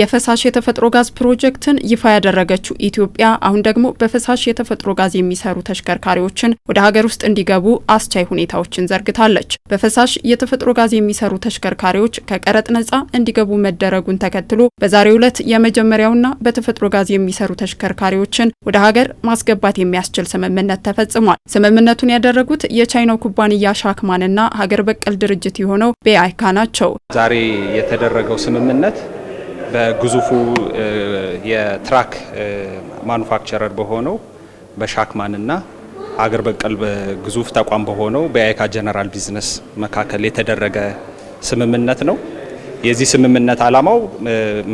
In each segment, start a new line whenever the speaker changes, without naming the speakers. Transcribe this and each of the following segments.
የፈሳሽ የተፈጥሮ ጋዝ ፕሮጀክትን ይፋ ያደረገችው ኢትዮጵያ አሁን ደግሞ በፈሳሽ የተፈጥሮ ጋዝ የሚሰሩ ተሽከርካሪዎችን ወደ ሀገር ውስጥ እንዲገቡ አስቻይ ሁኔታዎችን ዘርግታለች። በፈሳሽ የተፈጥሮ ጋዝ የሚሰሩ ተሽከርካሪዎች ከቀረጥ ነጻ እንዲገቡ መደረጉን ተከትሎ በዛሬው ዕለት የመጀመሪያውና በተፈጥሮ ጋዝ የሚሰሩ ተሽከርካሪዎችን ወደ ሀገር ማስገባት የሚያስችል ስምምነት ተፈጽሟል። ስምምነቱን ያደረጉት የቻይናው ኩባንያ ሻክማንና ሀገር በቀል ድርጅት የሆነው ቤአይካ ናቸው።
ዛሬ የተደረገው ስምምነት በግዙፉ የትራክ ማኑፋክቸረር በሆነው በሻክማንና አገር በቀል ግዙፍ ተቋም በሆነው በአይካ ጀነራል ቢዝነስ መካከል የተደረገ ስምምነት ነው። የዚህ ስምምነት ዓላማው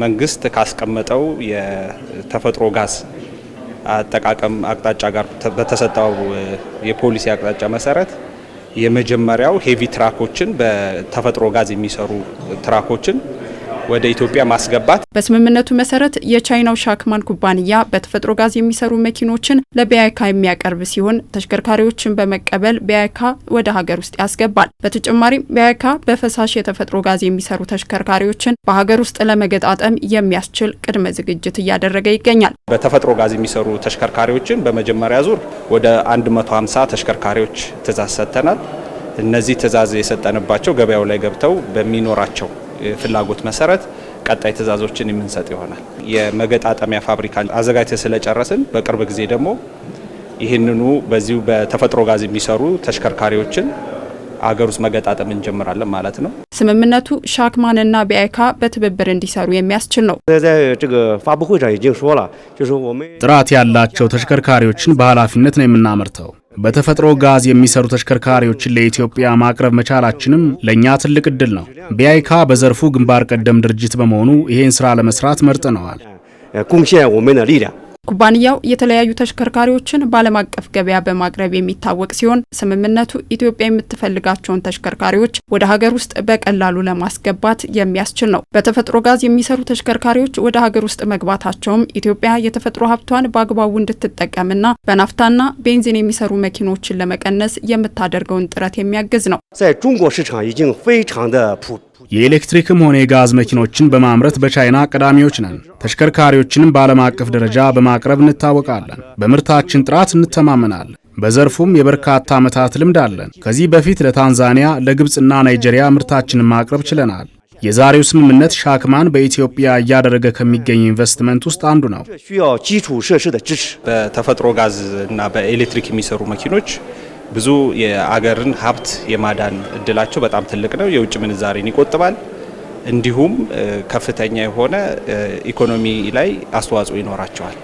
መንግስት ካስቀመጠው የተፈጥሮ ጋዝ አጠቃቀም አቅጣጫ ጋር በተሰጠው የፖሊሲ አቅጣጫ መሰረት የመጀመሪያው ሄቪ ትራኮችን በተፈጥሮ ጋዝ የሚሰሩ ትራኮችን ወደ ኢትዮጵያ ማስገባት።
በስምምነቱ መሰረት የቻይናው ሻክማን ኩባንያ በተፈጥሮ ጋዝ የሚሰሩ መኪኖችን ለቢያይካ የሚያቀርብ ሲሆን ተሽከርካሪዎችን በመቀበል ቢያይካ ወደ ሀገር ውስጥ ያስገባል። በተጨማሪም ቢያይካ በፈሳሽ የተፈጥሮ ጋዝ የሚሰሩ ተሽከርካሪዎችን በሀገር ውስጥ ለመገጣጠም የሚያስችል ቅድመ ዝግጅት እያደረገ ይገኛል።
በተፈጥሮ ጋዝ የሚሰሩ ተሽከርካሪዎችን በመጀመሪያ ዙር ወደ 150 ተሽከርካሪዎች ትእዛዝ ሰጥተናል። እነዚህ ትእዛዝ የሰጠንባቸው ገበያው ላይ ገብተው በሚኖራቸው ፍላጎት መሰረት ቀጣይ ትዕዛዞችን የምንሰጥ ይሆናል። የመገጣጠሚያ ፋብሪካን አዘጋጅተ ስለጨረስን በቅርብ ጊዜ ደግሞ ይህንኑ በዚሁ በተፈጥሮ ጋዝ የሚሰሩ ተሽከርካሪዎችን አገር ውስጥ መገጣጠም እንጀምራለን ማለት ነው።
ስምምነቱ ሻክማንና ቢአይካ በትብብር እንዲሰሩ የሚያስችል ነው። ጥራት ያላቸው ተሽከርካሪዎችን በኃላፊነት ነው የምናመርተው። በተፈጥሮ ጋዝ የሚሰሩ ተሽከርካሪዎችን ለኢትዮጵያ ማቅረብ መቻላችንም ለእኛ ትልቅ እድል ነው። ቢያይካ በዘርፉ ግንባር ቀደም ድርጅት በመሆኑ ይሄን ስራ ለመስራት መርጠነዋል። ኩባንያው የተለያዩ ተሽከርካሪዎችን በዓለም አቀፍ ገበያ በማቅረብ የሚታወቅ ሲሆን ስምምነቱ ኢትዮጵያ የምትፈልጋቸውን ተሽከርካሪዎች ወደ ሀገር ውስጥ በቀላሉ ለማስገባት የሚያስችል ነው። በተፈጥሮ ጋዝ የሚሰሩ ተሽከርካሪዎች ወደ ሀገር ውስጥ መግባታቸውም ኢትዮጵያ የተፈጥሮ ሀብቷን በአግባቡ እንድትጠቀምና በናፍታና ቤንዚን የሚሰሩ መኪኖችን ለመቀነስ የምታደርገውን ጥረት የሚያግዝ ነው። የኤሌክትሪክም ሆነ የጋዝ መኪኖችን በማምረት በቻይና ቀዳሚዎች ነን። ተሽከርካሪዎችንም በዓለም አቀፍ ደረጃ በማቅረብ እንታወቃለን። በምርታችን ጥራት እንተማመናለን። በዘርፉም የበርካታ ዓመታት ልምድ አለን። ከዚህ በፊት ለታንዛኒያ፣ ለግብፅና ናይጄሪያ ምርታችንን ማቅረብ ችለናል። የዛሬው ስምምነት ሻክማን በኢትዮጵያ እያደረገ ከሚገኝ ኢንቨስትመንት ውስጥ አንዱ ነው።
በተፈጥሮ ጋዝ እና በኤሌክትሪክ የሚሰሩ መኪኖች ብዙ የአገርን ሀብት የማዳን እድላቸው በጣም ትልቅ ነው። የውጭ ምንዛሬን ይቆጥባል። እንዲሁም ከፍተኛ የሆነ ኢኮኖሚ ላይ አስተዋጽኦ ይኖራቸዋል።